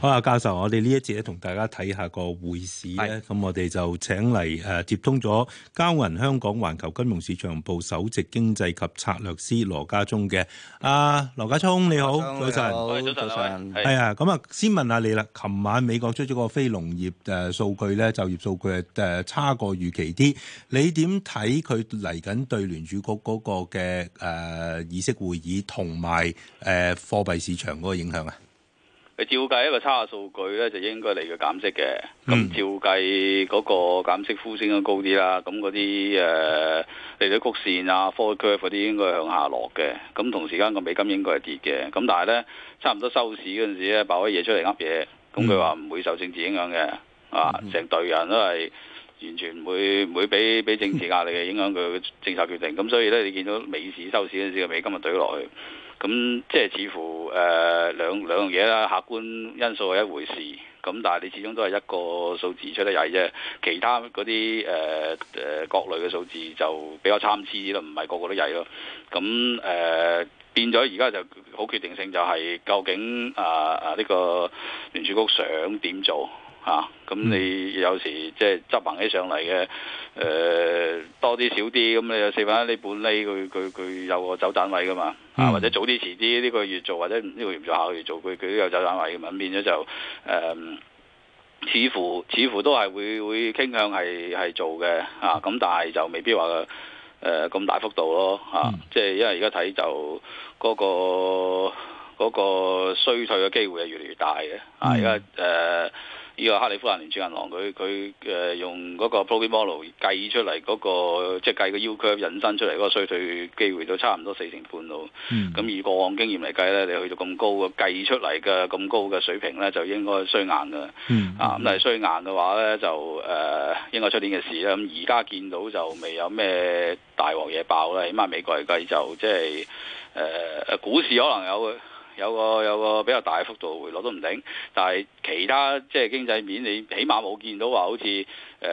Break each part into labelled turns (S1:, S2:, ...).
S1: 好啊，教授，我哋呢一節咧同大家睇下個匯市咧，咁我哋就請嚟誒、啊、接通咗交銀香港環球金融市場部首席經濟及策略師羅家聰嘅。啊，羅家聰你好，早晨，早晨，係啊，咁啊，先問下你啦。琴晚美國出咗個非農業誒數據咧，就業數據誒差過預期啲，你點睇佢嚟緊對聯儲局嗰個嘅誒議息會議同埋誒貨幣市場嗰個影響啊？
S2: 嗯、照計，一個差數據咧，就應該嚟到減息嘅。咁照計嗰個減息呼聲都高啲啦。咁嗰啲誒利率曲線啊，curve 啲應該向下落嘅。咁同時間個美金應該係跌嘅。咁但係咧，差唔多收市嗰陣時咧，爆啲嘢出嚟噏嘢。咁佢話唔會受政治影響嘅。嗯、啊，成、嗯、隊人都係完全唔會唔、嗯、會俾俾政治壓力嘅影響佢政策決定。咁所以咧，你見到美市收市嗰陣時，個美金咪懟落去。咁即係似乎誒兩兩樣嘢啦，客觀因素係一回事。咁但係你始終都係一個數字出得曳啫，其他嗰啲誒誒各類嘅數字就比較參差啲咯，唔係個個都曳咯。咁誒、呃、變咗而家就好決定性就係究竟啊啊呢個聯儲局想點做？啊，咁你有時即係執行起上嚟嘅，誒多啲少啲，咁你有四分一釐半釐，佢佢佢有個走盞位噶嘛？啊，mm. 或者早啲遲啲呢、這個月做，或者呢、這個月做下個月做，佢佢都有走盞位嘅嘛？變咗就誒、呃，似乎似乎都係會會傾向係係做嘅，嚇、啊、咁，但係就未必話誒咁大幅度咯，嚇、啊，即係、mm. 因為而家睇就嗰、那個嗰、那個衰退嘅機會係越嚟越大嘅，啊，而家誒。Uh, uh, 嗯呢個克里夫蘭聯儲銀行，佢佢誒用嗰個 probit model 計出嚟嗰、那個，即係計個 U curve 引申出嚟個衰退機會都差唔多四成半咯。咁以過往經驗嚟計咧，你去到咁高嘅計出嚟嘅咁高嘅水平咧，就應該衰硬嘅。Mm hmm. 啊咁，但係衰硬嘅話咧，就誒、呃、應該出年嘅事啦。咁而家見到就未有咩大鑊嘢爆啦。起碼美國嚟計就即係誒誒股市可能有有個有個比較大嘅幅度回落都唔定，但係其他即係經濟面，你起碼冇見到話好似誒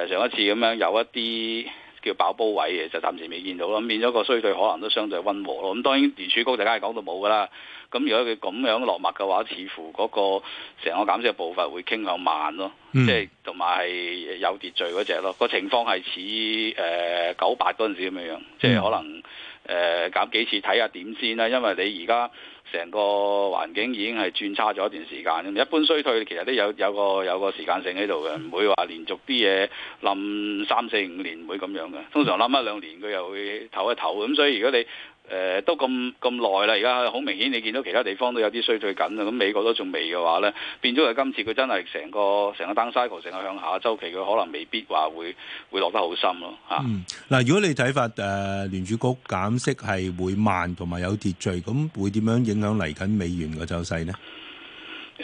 S2: 上一次咁樣有一啲叫爆煲位，其實就暫時未見到咯。變咗個衰退可能都相對溫和咯。咁當然聯儲局就梗係講到冇㗎啦。咁如果佢咁樣落墨嘅話，似乎嗰個成個減息步伐會傾向慢咯，即係同埋係有秩序嗰隻咯。個情況係似誒九八嗰陣時咁樣，即係的可能誒、呃、減幾次睇下點先啦。因為你而家。成個環境已經係轉差咗一段時間，嘅，一般衰退其實都有有個有個時間性喺度嘅，唔會話連續啲嘢冧三四五年，唔會咁樣嘅。通常冧一兩年佢又會唞一唞咁，所以如果你誒、呃、都咁咁耐啦，而家好明顯你見到其他地方都有啲衰退緊啦，咁美國都仲未嘅話咧，變咗佢今次佢真係成個成個 down cycle 成個向下周期，佢可能未必話會會落得好深咯
S1: 嚇。嗱、啊嗯呃，如果你睇法誒聯儲局減息係會慢同埋有、有秩序，咁會點樣影響嚟緊美元個走勢呢？誒、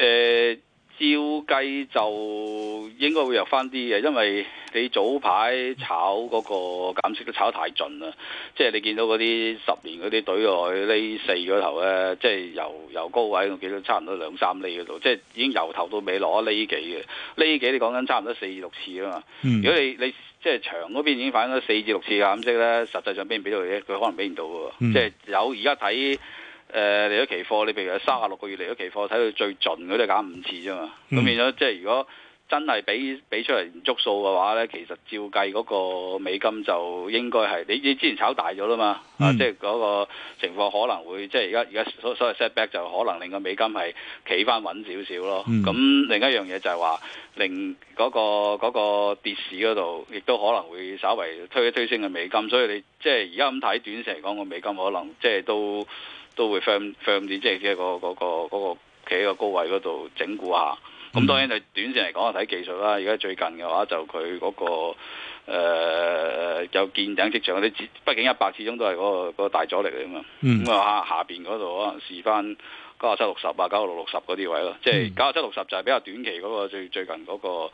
S2: 呃。照計就應該會弱翻啲嘅，因為你早排炒嗰個減息都炒得太盡啦，即係你見到嗰啲十年嗰啲隊落去四個呢四嗰頭咧，即係由由高位我見到差唔多兩三厘嗰度，即係已經由頭到尾落咗厘幾嘅，厘幾你講緊差唔多四至六次啊嘛。嗯、如果你你即係長嗰邊已經反映咗四至六次減息咧，實際上俾唔俾到嘅？佢可能俾唔到嘅，即係有而家睇。嗯誒嚟咗期貨，你譬如三十六個月嚟咗期貨，睇到最盡，佢都係減五次啫嘛。咁、嗯、變咗，即係如果真係俾俾出嚟唔足數嘅話咧，其實照計嗰個美金就應該係你你之前炒大咗啦嘛，嗯、啊，即係嗰個情況可能會即係而家而家所所謂 setback 就可能令個美金係企翻穩少少咯。咁、嗯、另一樣嘢就係話令嗰、嗰個嗰個跌市嗰度亦都可能會稍微推一推升嘅美金，所以你即係而家咁睇短線嚟講，個美金可能即係都。都會 firm firm 啲、那個，即、那、係個嗰、那個嗰、那個企喺、那個高位嗰度整固下。咁當然就短線嚟講啊，睇技術啦。而家最近嘅話就佢嗰個誒有見頂跡象。啲畢竟一百始終都係嗰個大阻力嚟㗎嘛。
S3: 咁啊、嗯、下
S2: 下邊嗰度可能試翻九廿七六十啊，九廿六六十嗰啲位咯。即係九廿七六十就係、是、比較短期嗰個最最近嗰、那個。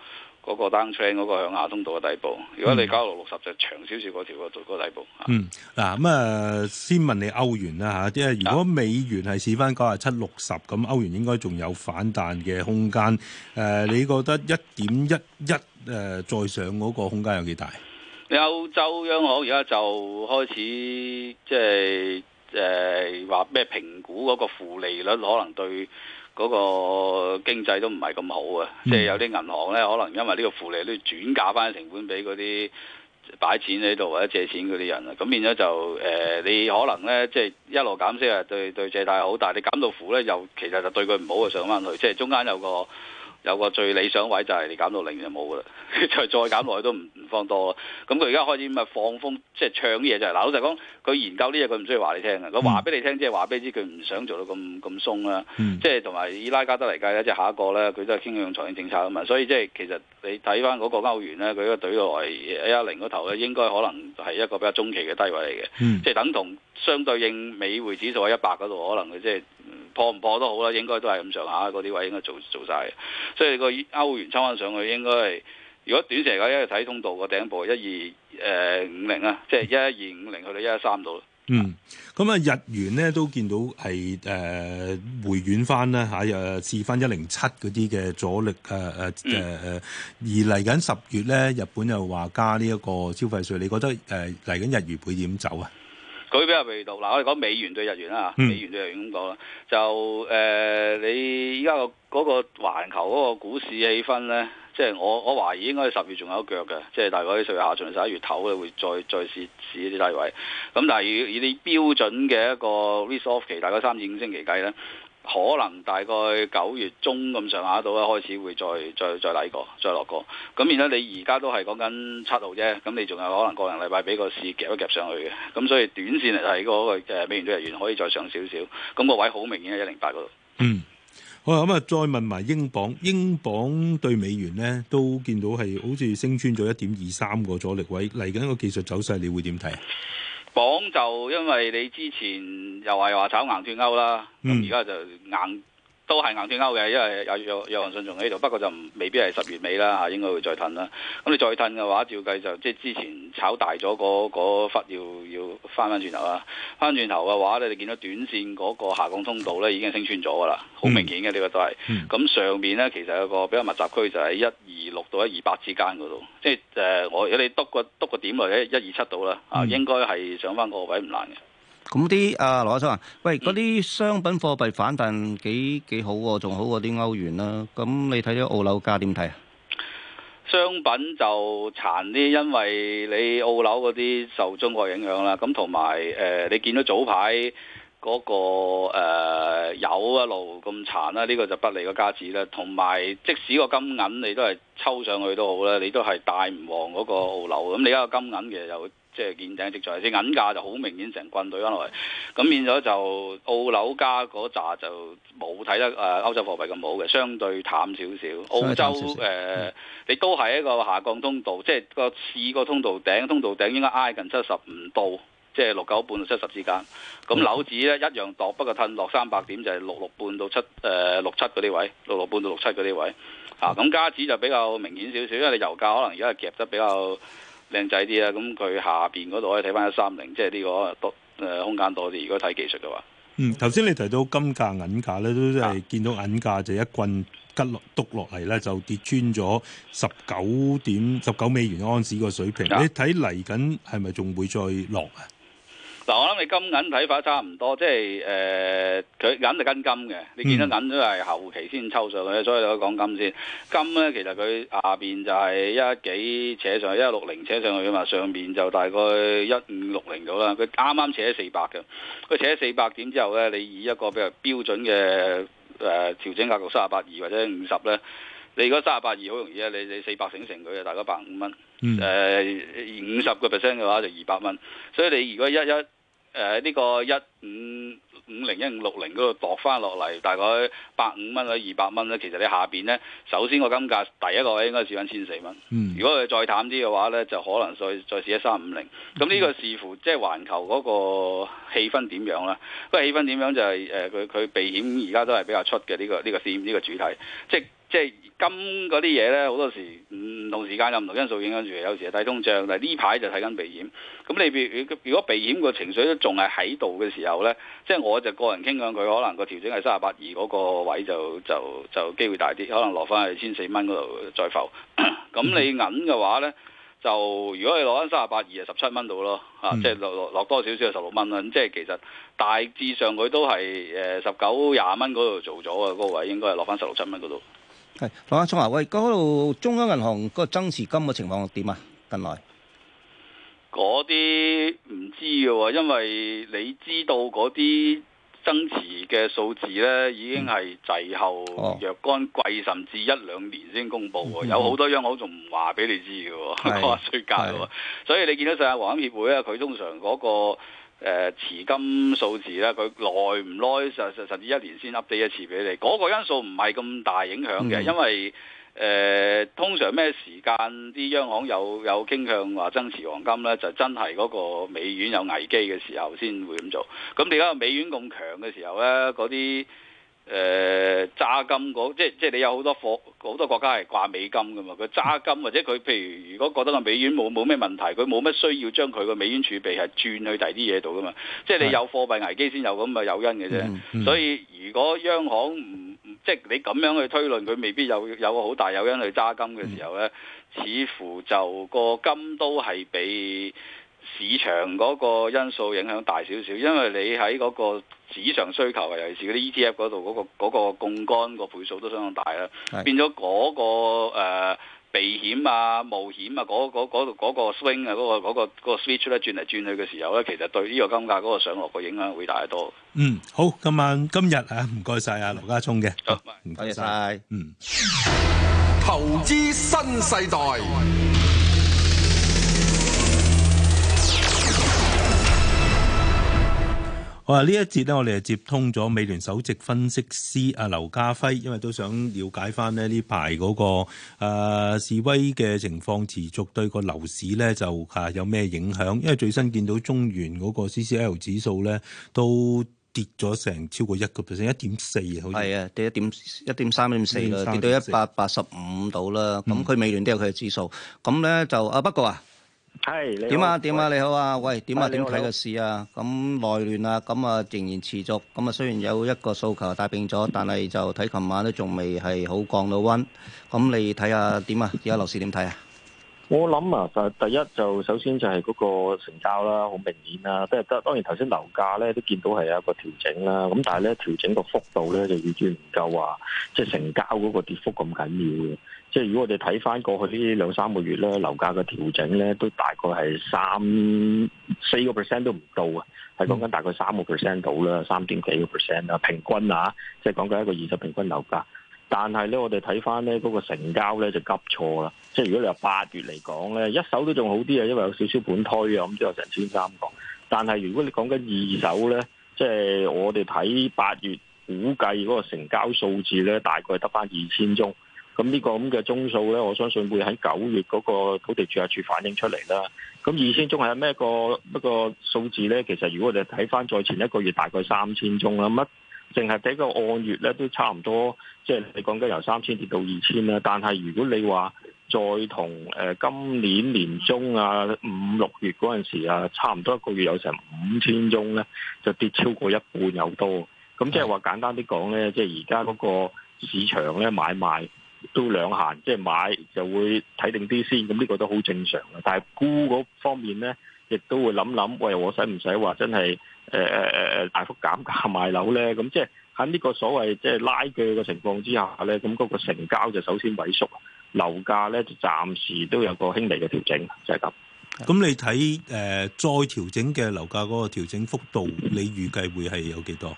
S2: 嗰個 down trend 嗰個喺亞通道嘅底部，如果你交六六十就長少少嗰條度個底部。
S1: 嗯，嗱咁啊，先問你歐元啦嚇，因為如果美元係試翻九十七六十，咁歐元應該仲有反彈嘅空間。誒，你覺得一點一一誒再上嗰個空間有幾大？
S2: 你歐洲央行而家就開始即係。就是誒話咩評估嗰個負利率可能對嗰個經濟都唔係咁好啊！嗯、即係有啲銀行呢，可能因為呢個負利率轉嫁翻成本俾嗰啲擺錢喺度或者借錢嗰啲人啊。咁變咗就誒、呃，你可能呢，即係一路減息啊，對對借貸好，但係你減到負呢，又其實對就對佢唔好啊！上翻去，即係中間有個。有個最理想位就係你減到零就冇噶啦，再 再減落去都唔唔放多咯。咁佢而家開始咪放風，即係唱啲嘢就係嗱，老實講，佢研究啲嘢佢唔需要話你聽嘅，佢話俾你聽即係話俾你知佢唔想做到咁咁鬆啦。嗯、即係同埋以拉加德嚟計咧，即係下一個咧，佢都係傾向用財政政策啊嘛。所以即係其實你睇翻嗰個歐元咧，佢個對落嚟 A 一零嗰頭咧，應該可能係一個比較中期嘅低位嚟嘅，嗯、即係等同。相對應美匯指數喺一百嗰度，可能佢即係破唔破都好啦，應該都係咁上下嗰啲位應該做做曬嘅。所以個歐元抽翻上去應該係，如果短時間一日睇通道個頂部一二誒五零啊，即係一二五零去到一三度。嗯，
S1: 咁啊，日元咧都見到係誒、呃、回軟翻啦嚇，又試翻一零七嗰啲嘅阻力誒誒誒誒。啊呃嗯、而嚟緊十月咧，日本又話加呢一個消費稅，你覺得誒嚟緊日元會點走啊？
S2: 佢比較味道嗱，我哋講美元對日元啦嚇， 美元對日元咁講啦，就誒、呃、你依家個嗰個環球嗰個股市氣氛咧，即係我我懷疑應該係十月仲有一腳嘅，即係大概喺十月下旬十一月頭咧會再再試試一啲低位，咁但係以啲標準嘅一個 risk-off 期，大概三至五星期計咧。可能大概九月中咁上下度咧，開始會再再再嚟過，再落過。咁然之後你而，後你而家都係講緊七號啫。咁你仲有可能個零禮拜俾個市夾一夾上去嘅。咁所以短綫嚟睇嗰個誒、呃、美元對日元可以再上少少。咁，嗰個位好明顯係一零八嗰度。嗯。
S1: 好啊，咁啊，再問埋英鎊，英鎊對美元呢都見到係好似升穿咗一點二三個阻力位，嚟緊個技術走勢，你會點睇？
S2: 講就因為你之前又係話炒硬脫歐啦，咁而家就硬。都係硬脫鈎嘅，因為有有有人信仲喺度，不過就不未必係十月尾啦嚇，應該會再褪啦。咁你再褪嘅話，照計就即係之前炒大咗嗰忽要要翻翻轉頭啦，翻轉頭嘅話咧，你見到短線嗰個下降通道咧已經升穿咗噶啦，好明顯嘅呢個都係。咁、嗯、上面咧其實有個比較密集區就喺一二六到一二八之間嗰度，即係誒、呃、我如果你篤個篤個點或者一二七度啦啊，嗯、應該係上翻個位唔難嘅。
S3: 咁啲阿羅生啊，喂，嗰啲商品貨幣反彈幾幾好喎，仲好過啲歐元啦。咁你睇咗澳紐價點睇啊？
S2: 商品就殘啲，因為你澳紐嗰啲受中國影響啦。咁同埋誒，你見到早排嗰個誒油一路咁殘啦，呢個就不利個加紙啦。同埋即使個金銀你都係抽上去都好咧，你都係帶唔旺嗰個澳紐。咁你而家金銀其實又～即係見頂直在，啲銀價就好明顯成軍隊翻落嚟，咁變咗就澳紐加嗰扎就冇睇得誒、呃、歐洲貨幣咁好嘅，相對淡少少。澳洲誒，你、呃、都係一個下降通道，嗯、即係個市個通道頂，通道頂應該挨近七十五度，即係六九半到七十之間。咁樓指咧一樣度，不過褪落三百點就係六六半到七誒六七嗰啲位，六六半到六七嗰啲位。啊，咁加指就比較明顯少少，因為你油價可能而家係夾得比較。靚仔啲啊！咁佢下邊嗰度可以睇翻一三零，即係呢個多誒空間多啲。如果睇
S1: 技術嘅話，嗯，頭先你提到金價銀價咧，都係見到銀價就一棍吉落篤落嚟咧，就跌穿咗十九點十九美元安士個水平。你睇嚟緊係咪仲會再落啊？
S2: 嗱，我諗你金銀睇法差唔多，即係誒，佢、呃、銀就跟金嘅，你見到銀都係後期先抽上去，所以我講金先。金咧其實佢下邊就係一幾扯上去，一六零扯上去啊嘛，上邊就大概一五六零度啦，佢啱啱扯四百嘅，佢扯四百點之後咧，你以一個比較標準嘅誒、呃、調整格局，三十八二或者五十咧，你如果三十八二好容易啊，你你四百醒成佢啊，大概百五蚊。誒五十個 percent 嘅話就二百蚊，所以你如果一一誒呢、呃這個一五五零一五六零嗰度落翻落嚟，大概百五蚊或者二百蚊咧，其實你下邊咧，首先個金價第一個應該試翻千四蚊。嗯，如果佢再淡啲嘅話咧，就可能再再試一三五零。咁呢個視乎、嗯、即係環球嗰個氣氛點樣啦。不過氣氛點樣就係誒佢佢避險而家都係比較出嘅呢、這個呢、這個線呢個主題，即係。即係金嗰啲嘢咧，好多時唔、嗯、同時間有唔同因素影響住，有時睇通脹，但係呢排就睇緊避險。咁你如果避險個情緒都仲係喺度嘅時候咧，即係我就個人傾向佢可能個調整係三十八二嗰個位就就就機會大啲，可能落翻去千四蚊嗰度再浮。咁 你銀嘅話咧，就如果你落翻三十八二啊，十七蚊度咯，啊即係落落落多少少十六蚊啦。即係其實大致上佢都係誒十九廿蚊嗰度做咗啊，嗰、嗰個位應該係落翻十六七蚊嗰度。
S3: 係，羅家聰華威，嗰度中央銀行嗰個增持金嘅情況點啊？近來
S2: 嗰啲唔知嘅，因為你知道嗰啲增持嘅數字咧，已經係滯後若干季，甚至一兩年先公佈嘅。有好多央行仲唔話俾你知嘅，話衰格啦。所以你見到上日黃金協會啊，佢通常嗰個。誒持、呃、金數字啦，佢耐唔耐，實實甚至一年先 update 一次俾你，嗰、嗰個因素唔係咁大影響嘅，嗯、因為誒、呃、通常咩時間啲央行有有傾向話增持黃金咧，就真係嗰個美元有危機嘅時候先會咁做。咁你而家美元咁強嘅時候咧，嗰啲。誒揸、呃、金嗰、那個，即係即係你有好多貨好多國家係掛美金噶嘛，佢揸金或者佢譬如如果覺得個美元冇冇咩問題，佢冇乜需要將佢個美元儲備係轉去第啲嘢度噶嘛，即係你有貨幣危機先有咁啊，誘因嘅啫。的所以如果央行唔即係你咁樣去推論，佢未必有有個好大誘因去揸金嘅時候咧，的似乎就個金都係畀市場嗰個因素影響大少少，因為你喺嗰個市場需求啊，尤其是嗰啲 ETF 嗰度嗰、嗰個嗰、嗰個槓桿個倍數都相當大啦，的變咗嗰、嗰個、呃、避險啊、冒險啊嗰嗰、嗰個 swing 啊、嗰、嗰個嗰 switch 咧轉嚟轉去嘅時候咧，其實對呢個金價嗰個上落個影響會大得
S1: 多。嗯，好，今晚今日啊，唔該晒啊，羅家聰嘅，唔該晒，嗯，投資新世代。好，呢一節咧，我哋就接通咗美聯首席分析師阿劉嘉輝，因為都想了解翻咧呢排嗰、嗰個、呃、示威嘅情況持續對個樓市咧就嚇有咩影響？因為最新見到中原嗰個 CCL 指數咧都跌咗成超過一個 percent，一點四好似係啊，跌一點
S3: 一點三點四啦，跌到一百八十五度啦。咁佢、嗯、美聯都有佢嘅指數，咁咧就啊不過啊。係，點啊點啊，喂啊你好啊，喂，點啊點睇個市啊？咁內亂啊，咁啊仍然持續，咁啊雖然有一個訴求帶病咗，但係就睇琴晚都仲未係好降到温。咁你睇下點啊？而家樓市點睇啊？
S4: 我諗啊，就第一就首先就係嗰個成交啦，好明顯啦。都係當然頭先樓價咧都見到係有一個調整啦。咁但係咧，調整個幅度咧就已經唔夠話，即係成交嗰個跌幅咁緊要嘅。即係如果我哋睇翻過去呢兩三個月咧，樓價嘅調整咧都大概係三四個 percent 都唔到啊，係講緊大概三個 percent 到啦，三點幾個 percent 啊，平均啊，即係講緊一個二十平均樓價。但係咧，我哋睇翻咧嗰個成交咧就急挫啦。即係如果你話八月嚟講咧，一手都仲好啲啊，因為有少少盤推啊，咁都有成千三個。但係如果你講緊二手咧，即係我哋睇八月估計嗰個成交數字咧，大概得翻二千宗。咁呢個咁嘅宗數咧，我相信會喺九月嗰個土地註冊處反映出嚟啦。咁二千宗係咩個一個數字咧？其實如果我哋睇翻再前一個月，大概三千宗啦，乜？淨係睇個按月咧，都差唔多，即係你講緊由三千跌到二千啦。但係如果你話再同誒今年年中啊五六月嗰陣時啊，差唔多一個月有成五千宗咧，就跌超過一半有多。咁即係話簡單啲講咧，即係而家嗰個市場咧買賣都兩限，即係買就會睇定啲先。咁呢個都好正常嘅。但係沽嗰方面咧。亦都會諗諗，喂，我使唔使話真係誒誒誒誒大幅減價賣樓咧？咁即係喺呢個所謂即係拉鋸嘅情況之下咧，咁嗰個成交就首先萎縮，樓價咧就暫時都有個輕微嘅調整，就係咁。
S1: 咁你睇誒再調整嘅樓價嗰個調整幅度，你預計會係有幾多？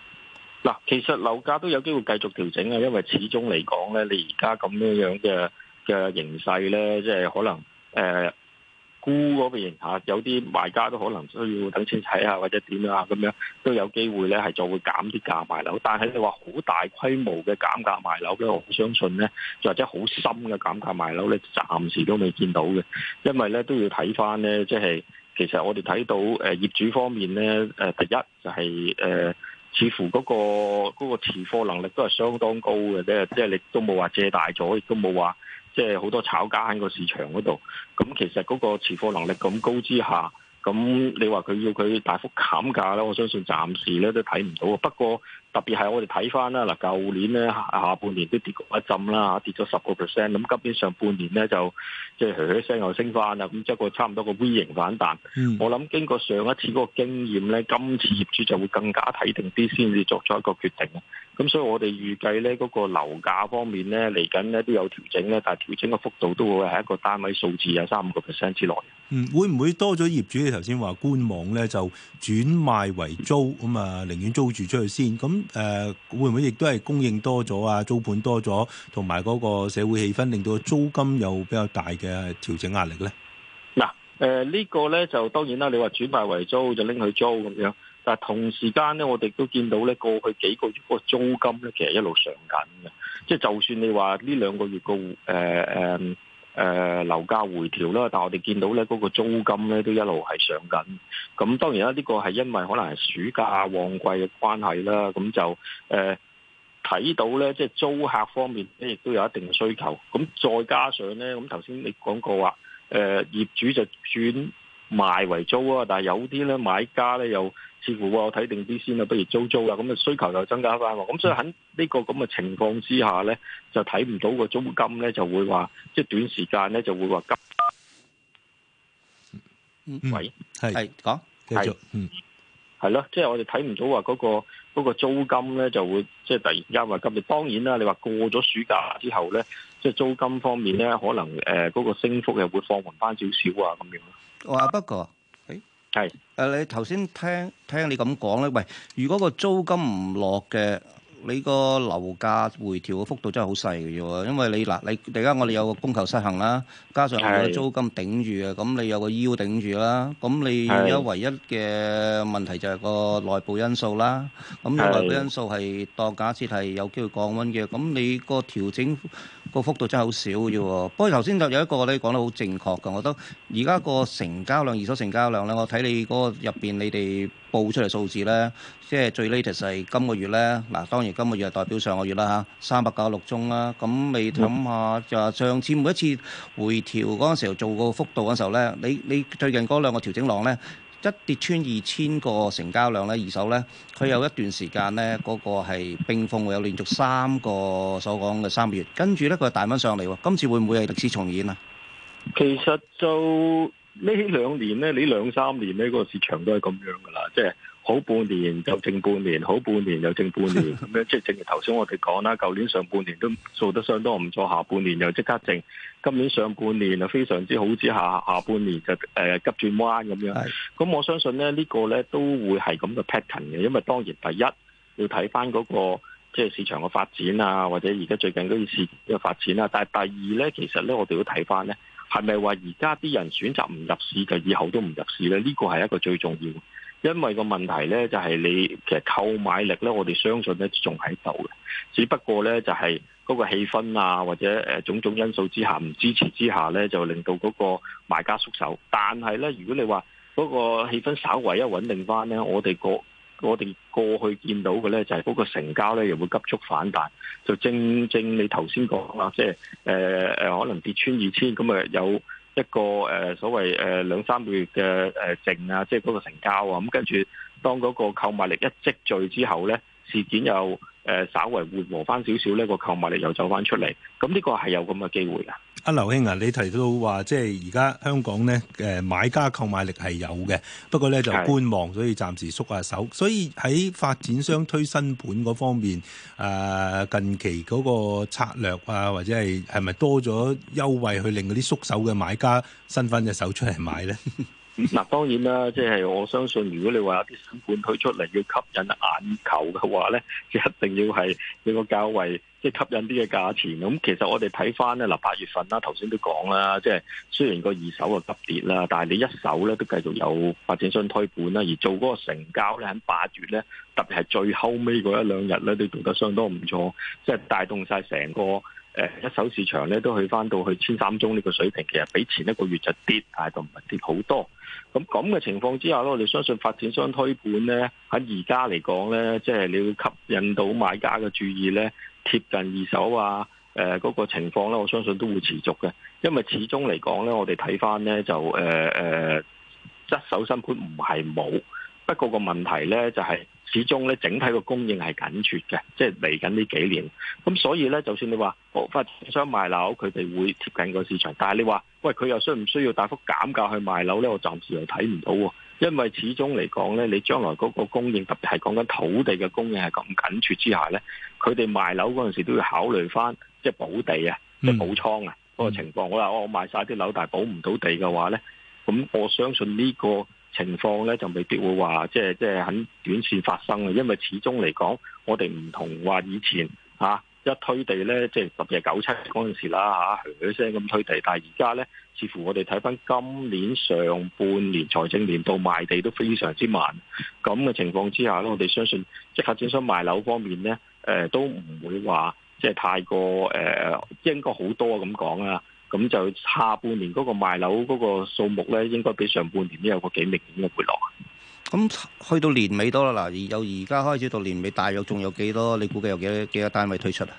S4: 嗱，其實樓價都有機會繼續調整啊，因為始終嚟講咧，你而家咁樣樣嘅嘅形勢咧，即係可能誒。沽嗰個型嚇，有啲賣家都可能需要等錢睇下，或者點啊咁樣，都有機會咧係就會減啲價，價賣樓。但係你話好大規模嘅減價賣樓咧，我唔相信咧，或者好深嘅減價賣樓咧，暫時都未見到嘅。因為咧都要睇翻咧，即係其實我哋睇到誒、呃、業主方面咧，誒、呃、第一就係、是、誒、呃，似乎嗰、嗰個嗰個持貨能力都係相當高嘅，即係即係你都冇話借大咗，亦都冇話。即係好多炒家喺個市場嗰度，咁其實嗰個持貨能力咁高之下，咁你話佢要佢大幅砍價啦，我相信暫時咧都睇唔到。不過特別係我哋睇翻啦，嗱，舊年咧下半年都跌過一浸啦，跌咗十個 percent，咁今年上半年咧就即係噠聲又升翻啦，咁即係個差唔多個 V 型反彈。嗯、我諗經過上一次嗰個經驗咧，今次業主就會更加睇定啲，先至作出一個決定。咁所以我哋預計呢嗰個樓價方面呢，嚟緊呢都有調整呢。但係調整嘅幅度都會係一個單位數字啊，三五個 percent 之內。嗯，
S1: 會唔會多咗業主？你頭先話觀望呢就轉賣為租，咁啊，寧願租住出去先。咁誒、呃，會唔會亦都係供應多咗啊？租盤多咗，同埋嗰個社會氣氛令到租金有比較大嘅調整壓力呢？嗱、呃，誒、這、
S4: 呢個呢就當然啦。你話轉賣為租就拎去租咁樣。但同時間咧，我哋都見到咧，過去幾個月個租金咧，其實一路上緊嘅。即係就算你話呢兩個月個誒誒誒樓價回調啦，但係我哋見到咧，嗰個租金咧都一路係上緊。咁當然啦，呢個係因為可能係暑假旺季嘅關係啦。咁就誒、呃、睇到咧，即係租客方面咧，亦都有一定嘅需求。咁再加上咧，咁頭先你講過話，誒、呃、業主就轉賣為租啊，但係有啲咧買家咧又似乎我睇定啲先啊，不如租租啦，咁啊需求又增加翻喎，咁所以喺呢個咁嘅情況之下咧，就睇唔到個租金咧就會話即係短時間咧就會話急。喂，係係講，係嗯係咯，即係我哋睇唔到話嗰個個租金咧就會即係突然間話今日。當然啦，你話過咗暑假之後咧，即係租金方面咧可能誒嗰個升幅又會放緩翻少少啊，咁樣。
S3: 話不過，誒，係，誒，你頭先聽聽你咁講咧，喂，如果個租金唔落嘅，你個樓價回調嘅幅度真係好細嘅啫，因為你嗱，你而家我哋有個供求失衡啦，加上我哋個租金頂住啊，咁你有個腰頂住啦，咁你而家唯一嘅問題就係個內部因素啦，咁內部因素係當假設係有機會降溫嘅，咁你個調整。個幅度真係好少嘅啫，不過頭先就有一個你講得好正確嘅，我覺得而家個成交量、二手成交量咧，我睇你嗰個入邊你哋報出嚟數字咧，即係最 latest 係今個月咧，嗱當然今個月係代表上個月啦嚇，三百九十六宗啦，咁你諗下就上次每一次回調嗰陣時候做個幅度嗰時候咧，你你最近嗰兩個調整浪咧？一跌穿二千個成交量咧，二手咧，佢有一段時間咧，嗰個係冰封會有連續三個所講嘅三個月，跟住咧佢係彈返上嚟喎，今次會唔會係歷史重演啊？其實就呢
S4: 兩年咧，呢兩三年咧，嗰個市場都係咁樣㗎啦。即係好半年就正半年，好半年又正半年咁樣，即係正如頭先我哋講啦，舊年上半年都做得相當唔錯，下半年又即刻正，今年上半年就非常之好，似下下半年就誒急轉彎咁樣。咁是我相信咧，這個，呢個咧都會係咁嘅 pattern 嘅，因為當然第一要睇翻嗰個即係市場嘅發展啊，或者而家最近嗰啲市場嘅發展啊，但係第二咧，其實咧我哋要睇翻咧，係咪話而家啲人選擇唔入市就以後都唔入市咧？呢個係一個最重要。因為個問題呢，就係你其實購買力呢，我哋相信呢仲喺度嘅，只不過呢，就係嗰個氣氛啊，或者誒種種因素之下唔支持之下呢，就令到嗰個買家縮手。但係呢，如果你話嗰個氣氛稍為一穩定翻呢，我哋過我哋過去見到嘅呢，就係嗰個成交呢，又會急速反彈，就正正你頭先講啦，即係、呃、可能跌穿二千，咁誒有。一個誒、呃、所謂誒兩三個月嘅誒靜啊，即係嗰個成交啊，咁跟住當嗰個購買力一積聚之後咧，事件又誒、呃、稍為緩和翻少少，呢個購買力又走翻出嚟，咁呢個係有咁嘅機會噶。
S1: 阿劉兄啊，你提到話即係而家香港咧，誒買家購買力係有嘅，不過咧就觀望，所以暫時縮下手。所以喺發展商推新盤嗰方面，誒、呃、近期嗰個策略啊，或者係係咪多咗優惠去令嗰啲縮手嘅買家伸翻隻手出嚟買咧？
S4: 嗱當然啦，即係我相信，如果你話有啲新盤推出嚟要吸引眼球嘅話咧，就一定要係你個較為即係吸引啲嘅價錢。咁、嗯、其實我哋睇翻咧，嗱、呃、八月份啦，頭先都講啦，即係雖然個二手啊急跌啦，但係你一手咧都繼續有發展商推盤啦，而做嗰個成交咧喺八月咧，特別係最後尾嗰一兩日咧都做得相當唔錯，即係帶動晒成個。誒一手市場咧都去翻到去千三中呢個水平，其實比前一個月就跌，但係就唔係跌好多。咁咁嘅情況之下咧，我哋相信發展商推盤咧喺而家嚟講咧，即係、就是、你要吸引到買家嘅注意咧，貼近二手啊誒嗰、呃那個情況咧，我相信都會持續嘅。因為始終嚟講咧，我哋睇翻咧就誒誒一手新盤唔係冇，不過個問題咧就係、是。始終咧，整體個供應係緊缺嘅，即係嚟緊呢幾年。咁所以咧，就算你話開、哦、發商賣樓，佢哋會貼近個市場。但係你話，喂佢又需唔需要大幅減價去賣樓咧？我暫時又睇唔到喎。因為始終嚟講咧，你將來嗰個供應，特別係講緊土地嘅供應係咁緊缺之下咧，佢哋賣樓嗰陣時都要考慮翻，即係補地啊，嗯、即係補倉啊嗰、嗯、個情況。我話，我賣晒啲樓，但係補唔到地嘅話咧，咁我相信呢、這個。情況咧就未必會話即係即係很短線發生嘅，因為始終嚟講，我哋唔同話以前嚇、啊、一推地咧，即係十日九七嗰陣時啦嚇，嗰聲咁推地，但係而家咧，似乎我哋睇翻今年上半年財政年度賣地都非常之慢，咁嘅情況之下咧，我哋相信即係發展商賣樓方面咧，誒、呃、都唔會話即係太過誒、呃，應該好多咁講啊。咁就下半年嗰個賣樓嗰個數目咧，應該比
S3: 上半年都有個幾明顯嘅回落。咁去到年尾多啦，嗱，由而家開始到年尾，大約仲有幾多？你估計有幾多幾多個單位推出啊？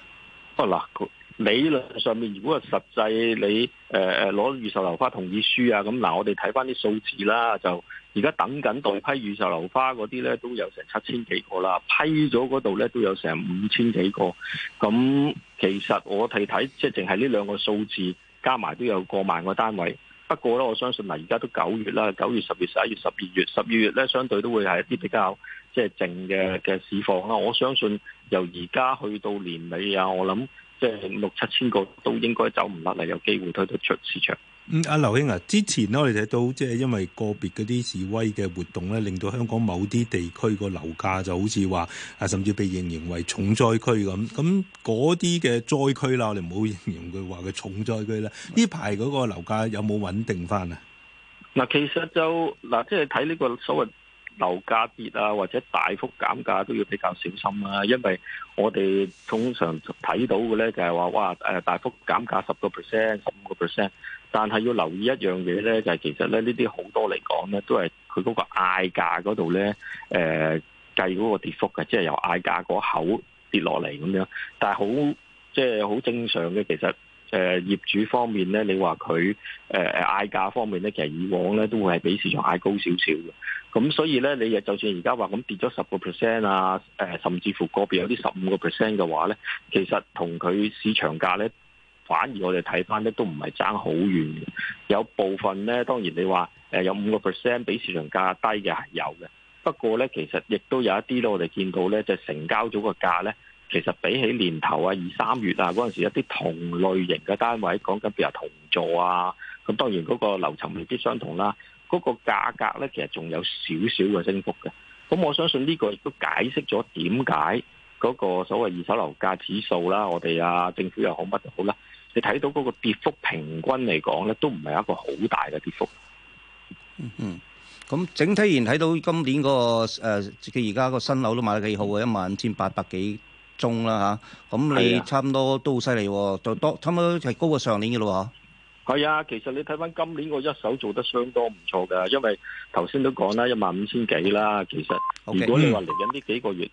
S3: 哦，嗱，
S4: 理論上面如果話實際你誒誒攞預售樓花同意書啊，咁嗱，我哋睇翻啲數字啦，就而家等緊待批預售樓花嗰啲咧，都有成七千幾個啦，批咗嗰度咧都有成五千幾個。咁其實我睇睇，即係淨係呢兩個數字。加埋都有過萬個單位，不過呢，我相信嗱，而家都九月啦，九月、十月、十一月、十二月、十二月呢，相對都會係一啲比較即係靜嘅嘅市況啦。我相信由而家去到年尾啊，我諗即係六七千個都應該走唔甩，嚟，有機會推得出市場。
S1: 咁阿劉兄啊，之前咧我哋睇到即係因為個別嗰啲示威嘅活動咧，令到香港某啲地區個樓價就好似話啊，甚至被認為重災區咁。咁嗰啲嘅災區啦，我哋唔好形容佢話佢重災區啦。呢排嗰個樓價有冇穩定翻啊？嗱，
S4: 其實就嗱，即係睇呢個所謂。樓價跌啊，或者大幅減價都要比較小心啦，啊，因為我哋通常睇到嘅咧就係、是、話哇誒大幅減價十個 percent、十五個 percent，但係要留意一樣嘢咧，就係、是、其實咧呢啲好多嚟講咧都係佢嗰個嗌價嗰度咧誒計嗰個跌幅嘅，即、就、係、是、由嗌價嗰口跌落嚟咁樣，但係好即係好正常嘅其實。誒、呃、業主方面咧，你話佢誒誒嗌價方面咧，其實以往咧都會係比市場嗌高少少嘅。咁所以咧，你就算而家話咁跌咗十個 percent 啊，誒、呃、甚至乎個別有啲十五個 percent 嘅話咧，其實同佢市場價咧，反而我哋睇翻咧都唔係爭好遠嘅。有部分咧，當然你話誒有五個 percent 比市場價低嘅係有嘅，不過咧其實亦都有一啲咯，我哋見到咧就係、成交咗個價咧。其實比起年頭啊，二三月啊嗰陣時，一啲同類型嘅單位講緊譬如同座啊，咁當然嗰個樓層未必相同啦。嗰個價格咧，其實仲有少少嘅升幅嘅。咁我相信呢個亦都解釋咗點解嗰個所謂二手樓價指數啦。我哋啊，政府又好乜就好啦，你睇到嗰個跌幅平均嚟講咧，都唔係一個好大嘅跌幅。嗯，
S3: 咁整體而言睇到今年、嗰個自己而家個新樓都買得幾好啊，一萬五千八百幾。中啦嚇，咁、啊、你差唔多都好犀利喎，就多差唔多係高過上年嘅咯喎。
S4: 係啊，其實你睇翻今年個一手做得相當唔錯嘅，因為頭先都講啦，一萬五千幾啦，其實，Okay, 如果你話嚟緊呢幾個月。嗯